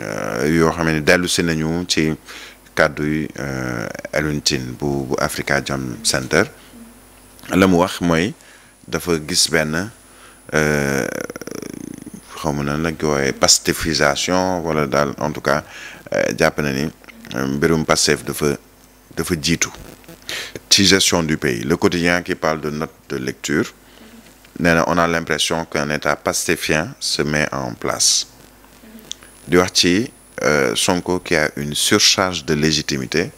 Euh, yoo xam ne dellu si nañu ci kàdduy euh, Alioune Tine bu bu Africa Jom Center la mu wax mooy dafa gis benn euh, xaw ma nan la ko woowee pastéfisation wala daal en tout cas jàpp na ni mbirum Pastef dafa dafa jiitu ci gestion du pays le quotidien qui parle de note de lecture nee na on a l'impression qu'un état pastéfien se met en place di wax ci euh, Sonko qui a une surcharge de légitimité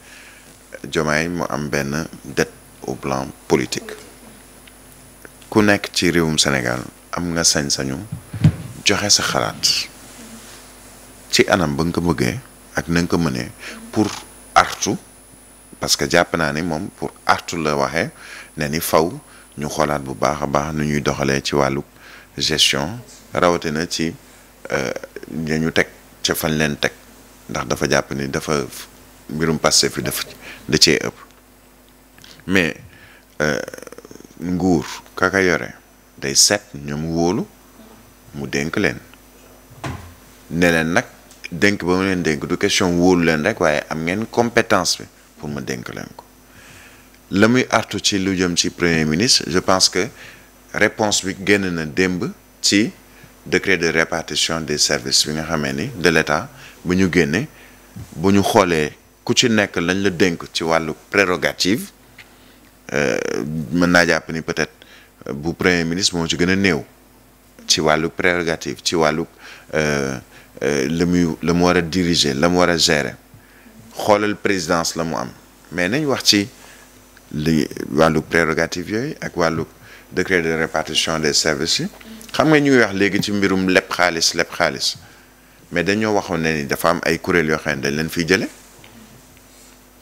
Diomaye mu am benn dette au plan politique ku nekk ci réewum Sénégal am nga sañ-sañu joxe sa xalaat ci anam ba nga ko bëggee ak na nga ko mënee pour artu parce que jàpp naa ni moom pour artu la waxee ne ni faw ñu xoolaat bu baax a baax nu ñuy doxalee ci wàllu gestion rawatina ci euh, ñu teg. ca leen teg ndax dafa jàpp ni dafa mbirum Pastef fi daf da cee ëpp mais euh, nguur kaka yore day set ñoom wóolu mu dénk leen ne leen nag dénk ba mu leen dénk du question wóolu leen rek waaye am ngeen compétence bi pour ma dénk leen ko la muy artu ci lu jëm ci premier ministre je pense que réponse bi génn na démb ci décret de répartition des services bi nga xamee ni de l'État bu ñu génnee bu ñu xoolee ku ci nekk lañ la dénk ci wàllu prérogative euh, mën naa jàpp ni peut-être euh, bu premier ministre moo ci gën a néew ci wàllu prérogative ci wàllu euh, la muy la mu war a la mu war a gérer xoolal présidence la mu am mais nañ wax ci li wàllu prérogative yooyu ak wàllu décret de répartition des services yi xam nga ñuy wax léegi ci mbirum leb xaalis leb xaalis mais dañoo waxoon ne ni dafa am ay kuréel yoo xam ne dañ leen fiy jële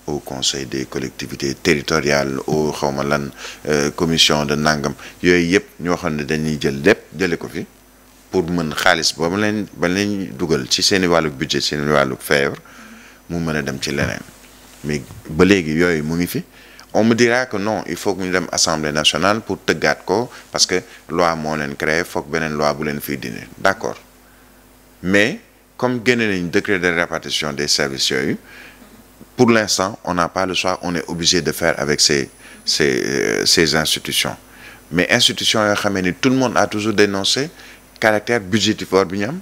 au conseil des collectivités territoriales au xawma lan euh, commission de nangam yooyu yëpp ñoo xam ne dañuy jël lépp jële ko fi pour mën xaalis boobu leen ba leen dugal ci seen i wàllu budget seen i wàllu feebar mu mën a dem ci leneen mais ba léegi yooyu mu ngi fi on me dira que non il faut que ñu dem assemblée nationale pour tëggaat ko parce que loi moo leen créé foog beneen loi bu leen fiy dindi d'accord mais comme génne nañ décret de répartition des services yooyu pour l'instant on n'a par le choix on est obligé de faire avec ces ces euh, ces institutions mais institutions yoo xamee ni tout le monde a toujours dénoncé caractère budgétivore bi ñu am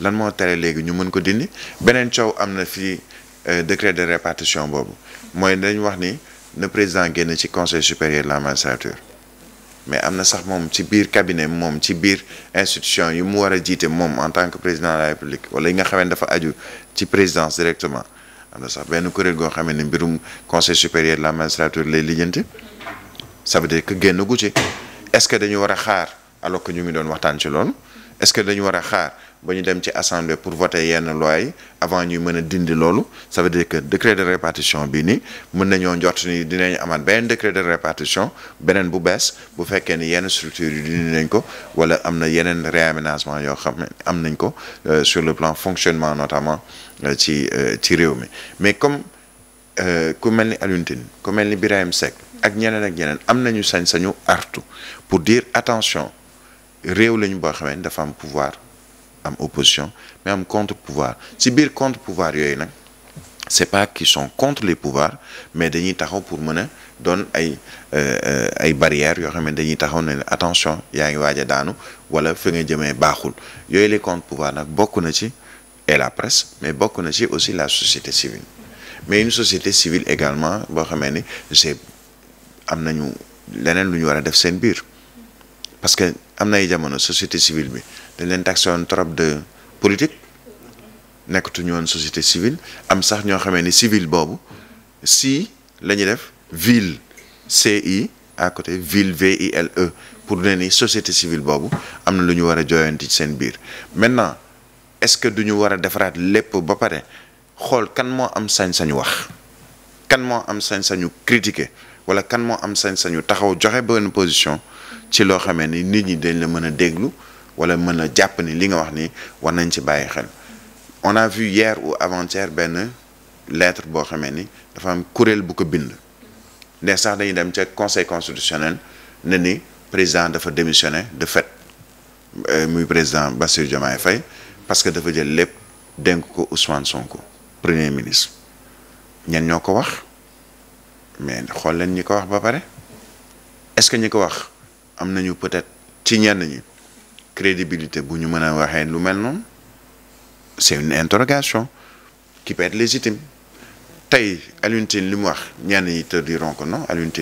lan moo tere léegi ñu mën ko dindi beneen coow am na fii euh, décret de répartition boobu mooy dañ wax ni le président génn ci conseil supérieur la magistrature mais am na sax moom ci biir cabinet moom ci biir institution yi mu war a jiite moom en tant que président de la république wala yi nga xam ne dafa aju ci présidence directement am na sax benn kuréel goo xam ne mbirum conseil supérieur de la magistrature lay lijjanti ça veut dire que génn gu ci est-ce que dañu war a xaar alors que ñu ngi doon waxtaan ci loolu. est-ce que dañu war a xaar ba ñu dem ci assemblée pour voter yenn loi yi avant ñuy mën a dindi loolu ça veut dire que décret de répartition bi ni mën nañoo njort ni dinañ amaat beneen décret de répartition beneen bu bees bu fekkee ni yenn structures yi dindi nañ ko wala am na yeneen réaménagement yoo xam ne am nañ ko euh, sur le plan fonctionnement notamment euh, ci euh, ci réew mi mais comme ku mel ni Alioune Tine ku mel ni Birahim Seck ak ñeneen ak ñeneen am nañu sañ-sañu artu pour dire attention réew lañu boo xamee ni dafa am pouvoir am opposition mais am contre pouvoir si biir contre pouvoir yooyu nag c'est pas qu'ils sont contre les pouvoirs mais dañuy taxaw pour mën a doon ay euh, euh, ay barrières yoo xam ne dañuy taxaw ne attention yaa ngi waaj a daanu wala fi nga jëmee baaxul yooyu les contre pouvoirs nag bokk na ci et la presse mais bokk na ci aussi la société civile mais une société civile également boo xamee ni c'est am nañu leneen lu ñu war a def seen biir parce que am na ay jamono société civile bi dañ leen taxé woon trop de nekkatuñu woon société civile am sax ñoo xamee ni civil boobu si la ñuy def ville ci à côté ville vile pour ne ni société civile boobu am na lu ñu war a jooyanti ci seen biir maintenant est-ce que du ñu war a defaraat lépp ba pare xool kan moo am sañ-sañu wax kan moo am sañ-sañu critiquer wala kan moo am sañ-sañu taxaw joxe benn position ci loo xamee ni nit ñi dañ la mën a déglu wala mën a jàpp ni li nga wax ni war nañ ci bàyyi xel on a vu hier ou avant-hier benn lettre boo xamee ni dafa am kuréel bu ko bind ne sax dañuy dem ca conseil constitutionnel ne ni président dafa démissionné de fait euh, muy président Bassirou Diomaye Faye parce que dafa jël lépp dénk ko Ousmane Sonko premier ministre ñeen ñoo ko wax mais xool leen ñi ko wax ba pare est-ce que ñi ko wax am nañu peut-être ci ñenn ñi crédibilité bu ñu mën a waxee lu mel noonu c'est une interrogation qui légitime tey Alioune Tine li mu wax ñenn ñi te diront que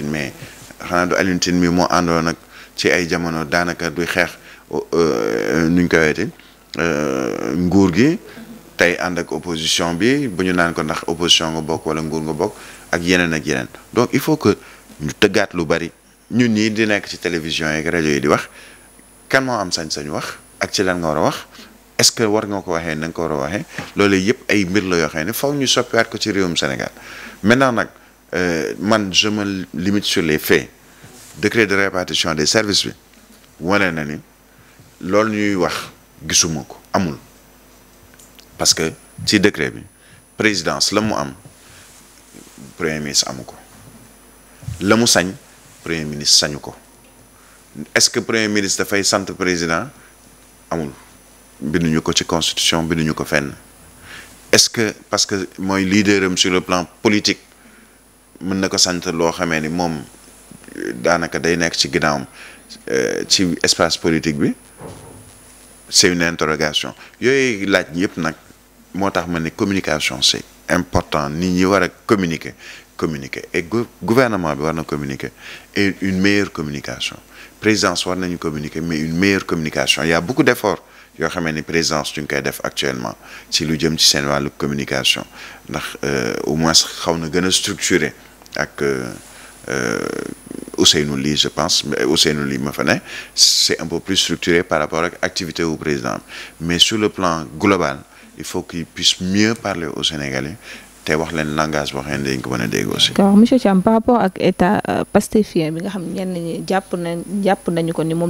mais xanaa du Alioune mi moo àndoon ak ci ay jamono daanaka du xeex euh, euh, nuñ koy weete euh, nguur gi tey ànd ak opposition bi bu ñu naan ko ndax opposition nga bokk wala nguur nga bokk ak yeneen ak yeneen donc il faut que ñu tëggaat lu bari. ñun ñii di nekk ci télévision yeeg rajo yi di wax kan moo am sañ-sañ wax ak ci lan nga war a wax est-ce que war nga ko waxee na nga ko war a waxee loolu yëpp ay mbir la yoo xam ne faw ñu soppiwaat ko ci réewum Sénégal maintenant nag euh, man je me limite sur les faits décret de répartition des services bi wale na ni loolu ñuy wax gisuma ko amul parce que ci décret bi présidence la mu am premier ministre amu ko la mu sañ premier ministre sañu ko est-ce que premier ministre dafay sant président amul binduñu ko ci constitution binduñu ko fenn est-ce que parce que mooy leaderam sur le plan politique mën na ko sant loo xamee ni moom euh, daanaka day nekk ci ginnaawam euh, ci espace politique bi c'est une interrogation yooyu laaj yëpp nag moo tax ma ne communication c'est important nit ñi war a communiquer communiquer et gouvernement bi war na communiquer et une meilleure communication présidence war nañu communiquer mais une meilleure communication il y a beaucoup d'efforts yoo xamee ni présidence ñu ngi koy def actuellement ci lu jëm ci seen wàllu communication ndax euh, au moins xaw na gën a structuré ak euh, euh, Ousseynou Ly je pense Ousseynou Ly ma fa ne c'est un peu plus structuré par rapport ak activité wu président mais sur le plan global il faut qu'il puisse mieux parler au Sénégalais te wax leen langage boo xam ne dañ ko mën a euh, bi nga xam jàpp jàpp nañu ko ni moom.